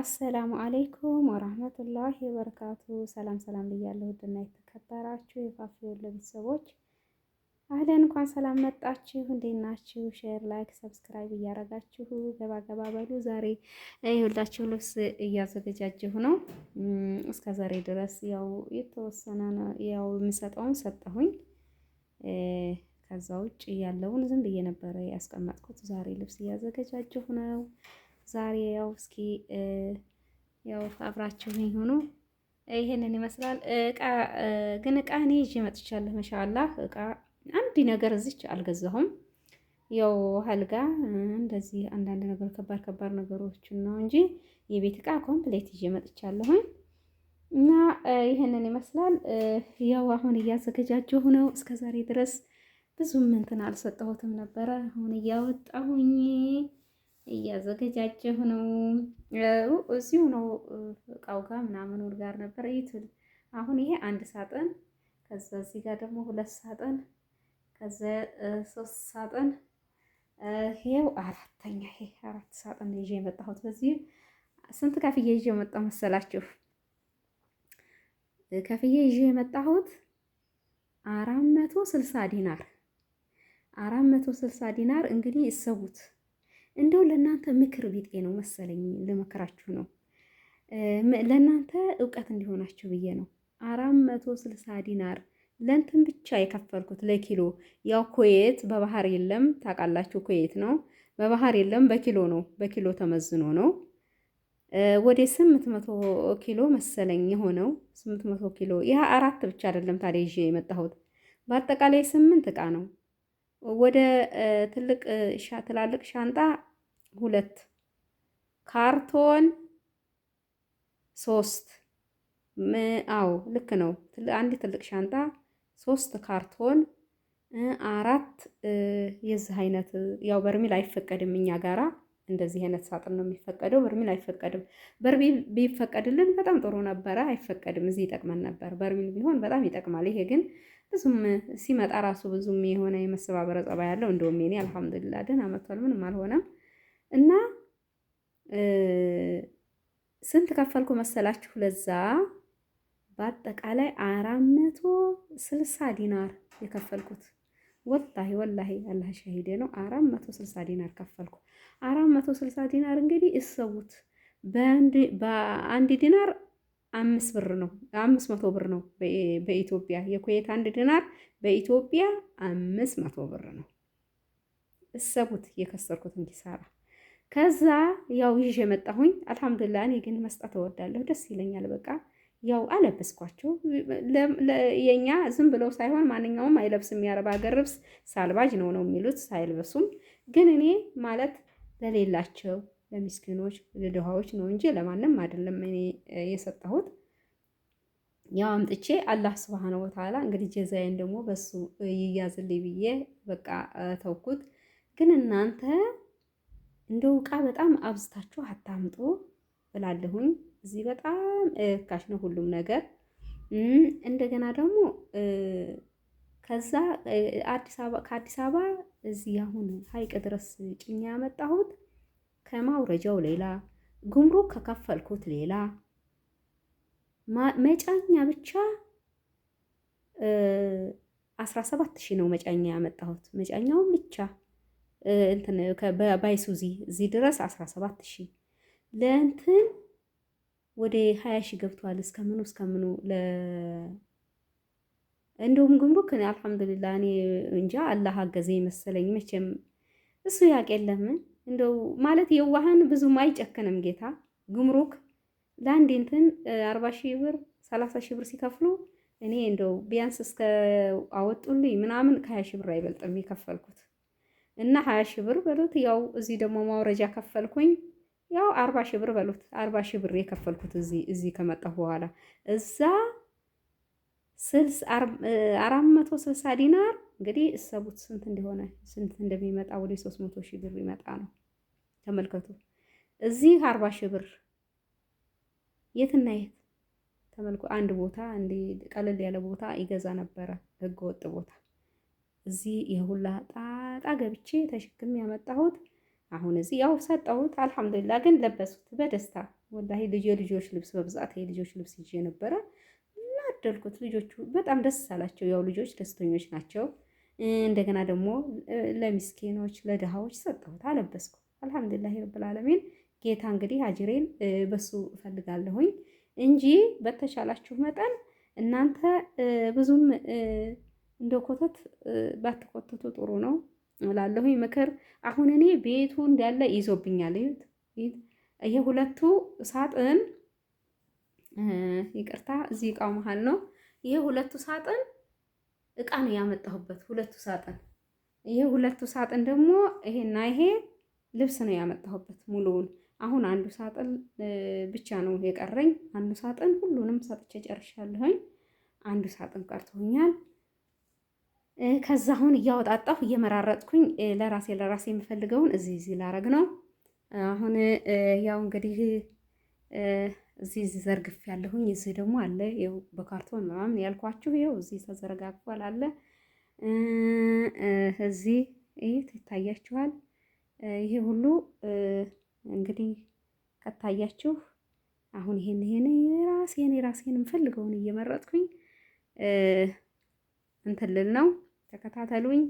አሰላሙ አሌይኩም ወራህመቱላሂ ወበረካቱ። ሰላም ሰላም ብያለሁ። ውድና የተከበራችሁ የፋፊ ወሎ ቤተሰቦች አህለን እንኳን ሰላም መጣችሁ። እንዴት ናችሁ? ሼር፣ ላይክ፣ ሰብስክራይብ እያረጋችሁ ገባ ገባ በሉ። ዛሬ የሁላችሁ ልብስ እያዘገጃጀሁ ነው። እስከ ዛሬ ድረስ ያው የተወሰነ ያው የምሰጠውን ሰጠሁኝ። ከዛ ውጭ ያለውን ዝም ብዬ ነበረ ያስቀመጥኩት። ዛሬ ልብስ እያዘገጃጀሁ ነው። ዛሬ ያው እስኪ ያው አብራችሁ ይሁኑ። ይሄንን ይመስላል። እቃ ግን እቃ እኔ ይዤ መጥቻለሁ። ማሻአላህ እቃ አንድ ነገር እዚች አልገዛሁም። ያው አልጋ እንደዚህ አንዳንድ ነገር ከባድ ከባድ ነገሮችን ነው እንጂ የቤት እቃ ኮምፕሌት ይዤ መጥቻለሁኝ። እና ይህንን ይመስላል። ያው አሁን እያዘገጃጀሁ ነው። እስከ ዛሬ ድረስ ብዙም እንትን አልሰጠሁትም ነበረ። አሁን እያወጣሁኝ እያዘገጃጀሁ ነው። እዚሁ ነው እቃው ጋር ምናምን ውል ጋር ነበር ይትል አሁን ይሄ አንድ ሳጥን፣ ከዛ እዚህ ጋር ደግሞ ሁለት ሳጥን፣ ከዛ ሶስት ሳጥን፣ ይሄው አራተኛ ይሄ አራት ሳጥን ይዤ የመጣሁት በዚህ ስንት ከፍዬ ይዤ የመጣ መሰላችሁ? ከፍዬ ይዤ የመጣሁት አራት መቶ ስልሳ ዲናር አራት መቶ ስልሳ ዲናር እንግዲህ እሰቡት። እንደው ለእናንተ ምክር ቢጤ ነው መሰለኝ ልመክራችሁ ነው ለእናንተ እውቀት እንዲሆናችሁ ብዬ ነው። አራት መቶ ስልሳ ዲናር ለእንትን ብቻ የከፈልኩት ለኪሎ። ያው ኩዌት በባህር የለም ታውቃላችሁ፣ ኩዌት ነው በባህር የለም፣ በኪሎ ነው በኪሎ ተመዝኖ ነው። ወደ ስምንት መቶ ኪሎ መሰለኝ የሆነው ስምንት መቶ ኪሎ። ይህ አራት ብቻ አይደለም ታዲያ ይዤ የመጣሁት በአጠቃላይ ስምንት ዕቃ ነው። ወደ ትልቅ ትላልቅ ሻንጣ ሁለት ካርቶን ሶስት አዎ ልክ ነው። አንድ ትልቅ ሻንጣ ሶስት ካርቶን አራት የዚህ አይነት ያው በርሚል አይፈቀድም እኛ ጋራ እንደዚህ አይነት ሳጥን ነው የሚፈቀደው። በርሚል አይፈቀድም። በርሚል ቢፈቀድልን በጣም ጥሩ ነበረ። አይፈቀድም። እዚህ ይጠቅመን ነበር። በርሚል ቢሆን በጣም ይጠቅማል። ይሄ ግን ብዙም ሲመጣ ራሱ ብዙም የሆነ የመሰባበረ ጸባይ ያለው እንደውም የኔ አልሐምዱሊላ ደህና መጥቷል ምንም አልሆነም። እና ስንት ከፈልኩ መሰላችሁ ለዛ በአጠቃላይ አራት መቶ ስልሳ ዲናር የከፈልኩት ወላሂ ወላሂ አላህ ሸሂዴ ነው። አራት መቶ ስልሳ ዲናር ከፈልኩ። አራት መቶ ስልሳ ዲናር እንግዲህ እሰቡት በአንድ ዲናር አምስት ብር ነው አምስት መቶ ብር ነው በኢትዮጵያ የኩዌት አንድ ዲናር በኢትዮጵያ አምስት መቶ ብር ነው። እሰቡት የከሰርኩትን ኪሳራ። ከዛ ያው ይዤ መጣሁኝ። አልሐምዱላ እኔ ግን መስጠት እወዳለሁ፣ ደስ ይለኛል። በቃ ያው አለበስኳቸው። የኛ ዝም ብለው ሳይሆን ማንኛውም አይለብስም። የአረብ ሀገር ልብስ ሳልባጅ ነው ነው የሚሉት ሳይልበሱም፣ ግን እኔ ማለት ለሌላቸው ለሚስኪኖች ለድሃዎች ነው እንጂ ለማንም አይደለም እኔ የሰጠሁት። ያው አምጥቼ አላህ ስብሃነ ወተዓላ እንግዲህ ጀዛዬን ደግሞ በሱ ይያዝልኝ ብዬ በቃ ተውኩት። ግን እናንተ እንደው ዕቃ በጣም አብዝታችሁ አታምጡ እላለሁኝ። እዚህ በጣም እርካሽ ነው ሁሉም ነገር። እንደገና ደግሞ ከዛ አዲስ አበባ ከአዲስ አበባ እዚህ አሁን ሀይቅ ድረስ ጭኛ ያመጣሁት ከማውረጃው ሌላ ጉምሩክ ከከፈልኩት ሌላ መጫኛ ብቻ አስራ ሺህ ነው መጫኛ ያመጣሁት። መጫኛው ብቻ እንትን ባይሱዚ እዚህ ድረስ አስራ ሺህ ለእንትን ወደ ሀያ ሺህ ገብቷል። እስከምኑ እስከምኑ ለ እንደውም ጉምሩክ አልሐምዱሊላ እኔ እንጃ አላህ አገዘኝ መሰለኝ። መቼም እሱ ያውቅ የለምን እንደው ማለት የዋህን ብዙም አይጨክንም ጌታ። ጉምሩክ ለአንድ እንትን አርባ ሺህ ብር ሰላሳ ሺህ ብር ሲከፍሉ እኔ እንደው ቢያንስ እስከ አወጡልኝ ምናምን ከሀያ ሺህ ብር አይበልጥም የከፈልኩት እና ሀያ ሺህ ብር በሉት። ያው እዚህ ደግሞ ማውረጃ ከፈልኩኝ ያው አርባ ሺህ ብር በሉት። አርባ ሺህ ብር የከፈልኩት እዚህ እዚህ ከመጣሁ በኋላ እዛ አራት መቶ ስልሳ ዲናር እንግዲህ እሰቡት ስንት እንደሆነ ስንት እንደሚመጣ ወደ ሶስት መቶ ሺህ ብር ይመጣ ነው። ተመልከቱ። እዚህ አርባ ሺህ ብር የትና የት ተመልኩ። አንድ ቦታ ቀለል ያለ ቦታ ይገዛ ነበረ፣ ህገ ወጥ ቦታ። እዚህ የሁላ ጣጣ ገብቼ ተሸክሜ ያመጣሁት አሁን እዚህ ያው ሰጠሁት። አልሐምዱሊላ ግን ለበሱት በደስታ ወላሂ። ልጅ ልጆች ልብስ በብዛት የልጆች ልብስ ይዤ ነበረ እና አደልኩት። ልጆቹ በጣም ደስ አላቸው። ያው ልጆች ደስተኞች ናቸው። እንደገና ደግሞ ለሚስኪኖች ለድሃዎች ሰጠሁት፣ አለበስኩ። አልሐምዱሊላህ ረብል ዓለሚን ጌታ እንግዲህ አጅሬን በሱ እፈልጋለሁኝ እንጂ በተቻላችሁ መጠን እናንተ ብዙም እንደ ኮተት ባትኮተቱ ጥሩ ነው እላለሁኝ። ምክር አሁን እኔ ቤቱ እንዳለ ይዞብኛል። ይሄ ሁለቱ ሳጥን ይቅርታ፣ እዚህ እቃው መሀል ነው። ይሄ ሁለቱ ሳጥን እቃ ነው ያመጣሁበት። ሁለቱ ሳጥን ይሄ ሁለቱ ሳጥን ደግሞ ይሄና ይሄ ልብስ ነው ያመጣሁበት ሙሉውን። አሁን አንዱ ሳጥን ብቻ ነው የቀረኝ። አንዱ ሳጥን ሁሉንም ሰጥቼ ጨርሻለሁኝ። አንዱ ሳጥን ቀርቶኛል። ከዛ አሁን እያወጣጣሁ እየመራረጥኩኝ ለራሴ ለራሴ የምፈልገውን እዚህ እዚህ ላረግ ነው። አሁን ያው እንግዲህ እዚህ እዚህ ዘርግፍ ያለሁኝ እዚህ ደግሞ አለ ይኸው በካርቶን ምናምን ያልኳችሁ ይኸው እዚህ ተዘረጋግፏል አለ እዚህ ይህ ይታያችኋል። ይሄ ሁሉ እንግዲህ ከታያችሁ አሁን ይሄን ይሄን የራሴን የራሴን የምፈልገውን እየመረጥኩኝ እንትልል ነው። ተከታተሉኝ።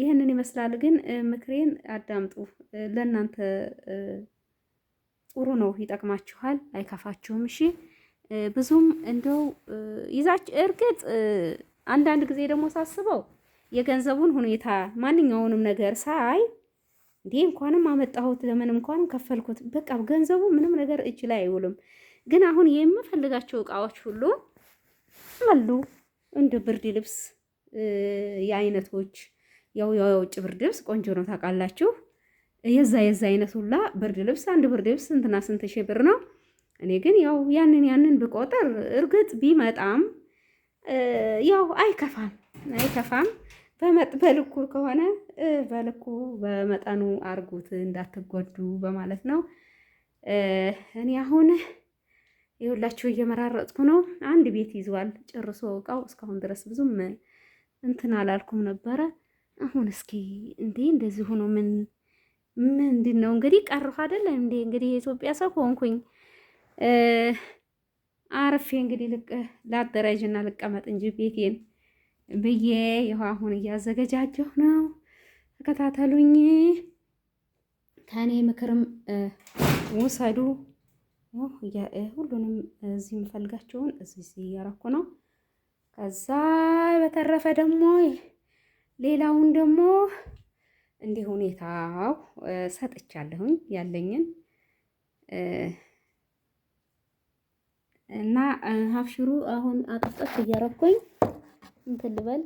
ይህንን ይመስላል። ግን ምክሬን አዳምጡ። ለእናንተ ጥሩ ነው፣ ይጠቅማችኋል፣ አይከፋችሁም። እሺ ብዙም እንደው ይዛች እርግጥ አንዳንድ ጊዜ ደግሞ ሳስበው የገንዘቡን ሁኔታ ማንኛውንም ነገር ሳይ እንዲህ እንኳንም አመጣሁት ለምን እንኳንም ከፈልኩት፣ በቃ ገንዘቡ ምንም ነገር እጅ ላይ አይውልም። ግን አሁን የምፈልጋቸው እቃዎች ሁሉ አሉ። እንደ ብርድ ልብስ የአይነቶች ያው የውጭ ብርድ ልብስ ቆንጆ ነው ታውቃላችሁ። የዛ የዛ አይነት ሁላ ብርድ ልብስ አንድ ብርድ ልብስ ስንትና ስንት ሺህ ብር ነው። እኔ ግን ያው ያንን ያንን ብቆጥር እርግጥ ቢመጣም ያው አይከፋም አይከፋም በልኩ ከሆነ በልኩ በመጠኑ አርጉት እንዳትጎዱ በማለት ነው። እኔ አሁን የሁላችሁ እየመራረጥኩ ነው። አንድ ቤት ይዟል ጨርሶ እቃው እስካሁን ድረስ ብዙም እንትን አላልኩም ነበረ። አሁን እስኪ እንዴ እንደዚህ ሆኖ ምን ምንድን ነው እንግዲህ ቀርሁ አይደለ እንዴ እንግዲህ የኢትዮጵያ ሰው ሆንኩኝ። አረፌ እንግዲህ ልቅ ላደራጅና ልቀመጥ እንጂ ቤቴን ብዬ ይኸው አሁን እያዘገጃጀሁ ነው። ተከታተሉኝ፣ ከእኔ ምክርም ውሰዱ። ሁሉንም እዚህ የምፈልጋቸውን እዚህ እያረኩ ነው። ከዛ በተረፈ ደግሞ ሌላውን ደግሞ እንዲህ ሁኔታው ሰጥቻለሁኝ ያለኝን እና ሀብሽሩ አሁን አጠፍጠፍ እያረኩኝ እንትን ልበል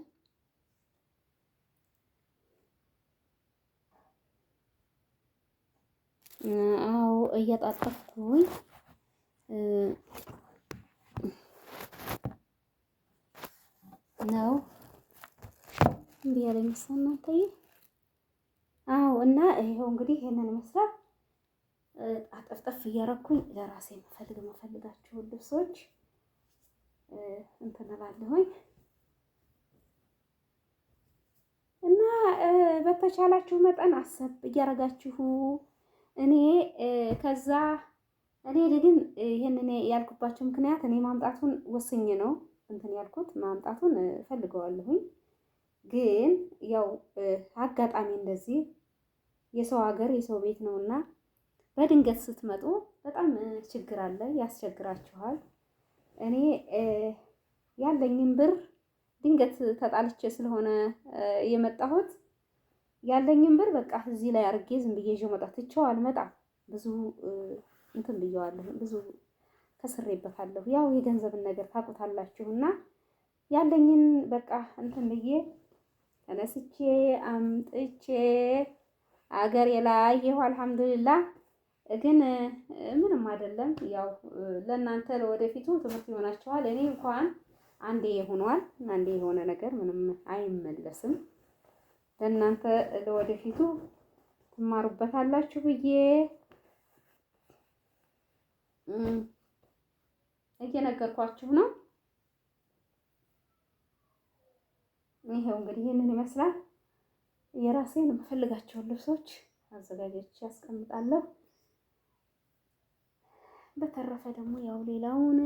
አዎ እያጣጠፍኩኝ ነው እንዲህ ያለ ይመስላል። እናንተዬ። አዎ እና ይኸው እንግዲህ ይሄንን መስራት አጠፍጠፍ እያረኩኝ ለራሴ የምፈልግ መፈልጋችሁ ልብሶች እንትን እላለሁኝ። በተቻላችሁ መጠን አሰብ እያደረጋችሁ እኔ ከዛ እኔ ግን ይህንን ያልኩባቸው ምክንያት እኔ ማምጣቱን ወስኝ ነው እንትን ያልኩት ማምጣቱን ፈልገዋለሁኝ። ግን ያው አጋጣሚ እንደዚህ የሰው ሀገር የሰው ቤት ነውና በድንገት ስትመጡ በጣም ችግር አለ፣ ያስቸግራችኋል። እኔ ያለኝን ብር ድንገት ተጣልቼ ስለሆነ የመጣሁት ያለኝን ብር በቃ እዚህ ላይ አድርጌ ዝም ብዬ ይዤ መውጣት ትቼው አልመጣም። ብዙ እንትን ብየዋለሁ፣ ብዙ ከስሬበታለሁ። ያው የገንዘብን ነገር ታውቁታላችሁና ያለኝን በቃ እንትን ብዬ ተነስቼ አምጥቼ አገሬ ላይ ይኸው አልሐምዱሊላ። ግን ምንም አይደለም። ያው ለእናንተ ለወደፊቱ ትምህርት ይሆናችኋል። እኔ እንኳን አንዴ ሆኗል አንዴ የሆነ ነገር ምንም አይመለስም። ለእናንተ ለወደፊቱ ትማሩበታላችሁ ብዬ እየነገርኳችሁ ነው። ይሄው እንግዲህ ይህንን ይመስላል። የራሴን የምፈልጋቸውን ልብሶች አዘጋጆች ያስቀምጣለሁ። በተረፈ ደግሞ ያው ሌላውን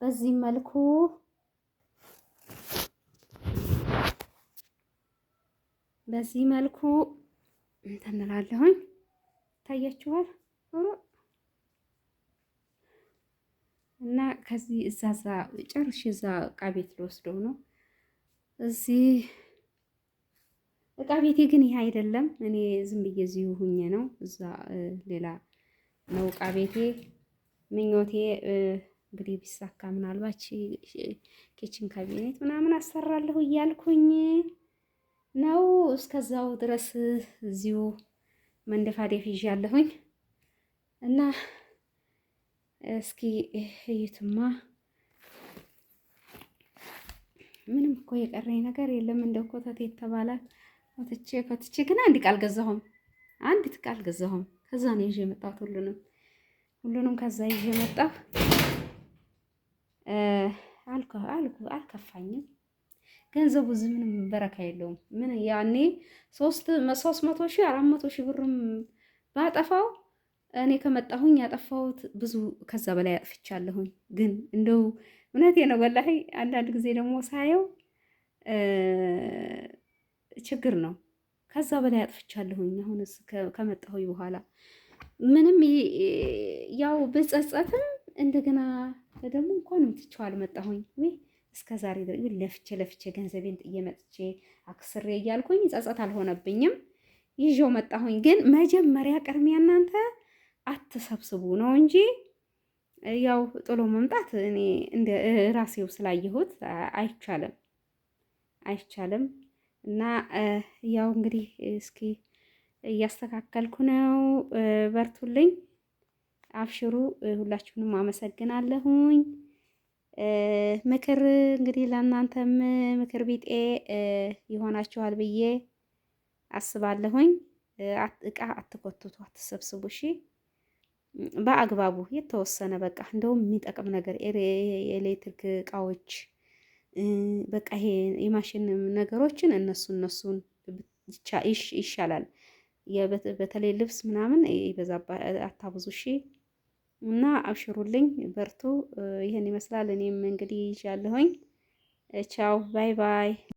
በዚህ መልኩ በዚህ መልኩ እንትን እላለሁኝ። ታያችኋል ሩ እና ከዚህ እዛዛ ጨርሽ እዛ እቃ ቤት ልወስደው ነው። እዚህ እቃ ቤቴ ግን ይሄ አይደለም። እኔ ዝም ብዬ እዚሁ ሁኜ ነው። እዛ ሌላ ነው እቃ ቤቴ። ምኞቴ እንግዲህ ቢሳካ ምናልባት ኪችን ካቢኔት ምናምን አሰራለሁ እያልኩኝ ነው። እስከዛው ድረስ እዚሁ መንደፋደፍ ይዣለሁኝ እና እስኪ እዩትማ። ምንም እኮ የቀረኝ ነገር የለም። እንደው ኮተት የተባለ ኮትቼ ኮትቼ ግን አንድ ቃል ገዛሁም፣ አንዲት ቃል ገዛሁም። ከዛ ነው ይዤ የመጣሁት ሁሉንም ሁሉንም ከዛ ይዤ መጣሁ። አልከፋኝም ገንዘቡ እዚህ ምንም በረካ የለውም። ምን ያኔ ሶስት ሶስት መቶ ሺህ አራት መቶ ሺህ ብርም ባጠፋው እኔ ከመጣሁኝ ያጠፋሁት ብዙ ከዛ በላይ አጥፍቻለሁኝ። ግን እንደው እውነቴ ነው ወላሂ አንዳንድ ጊዜ ደግሞ ሳየው ችግር ነው። ከዛ በላይ አጥፍቻለሁኝ። አሁንስ ከመጣሁኝ በኋላ ምንም ያው ብጸጸትም እንደገና ደግሞ እንኳን ምትቼው አልመጣሁኝ እስከ ዛሬ ለፍቼ ለፍቼ ገንዘቤን ጥዬ መጥቼ አክስሬ እያልኩኝ ጸጸት አልሆነብኝም። ይዤው መጣሁኝ። ግን መጀመሪያ ቅድሚያ እናንተ አትሰብስቡ ነው እንጂ ያው ጥሎ መምጣት እኔ እንደ ራሴው ስላየሁት አይቻልም አይቻልም። እና ያው እንግዲህ እስኪ እያስተካከልኩ ነው። በርቱልኝ፣ አብሽሩ። ሁላችሁንም አመሰግናለሁኝ። ምክር እንግዲህ ለእናንተም ምክር ቢጤ ይሆናችኋል ብዬ አስባለሁኝ። እቃ አትኮትቱ፣ አትሰብስቡ። እሺ በአግባቡ የተወሰነ በቃ እንደውም የሚጠቅም ነገር የኤሌክትሪክ እቃዎች በቃ ይሄ የማሽን ነገሮችን እነሱ እነሱን ይሻላል። በተለይ ልብስ ምናምን ይበዛባ አታብዙ። እሺ እና አብሽሩልኝ፣ በርቱ። ይህን ይመስላል። እኔም እንግዲህ ይዣለሁኝ። ቻው፣ ባይ ባይ።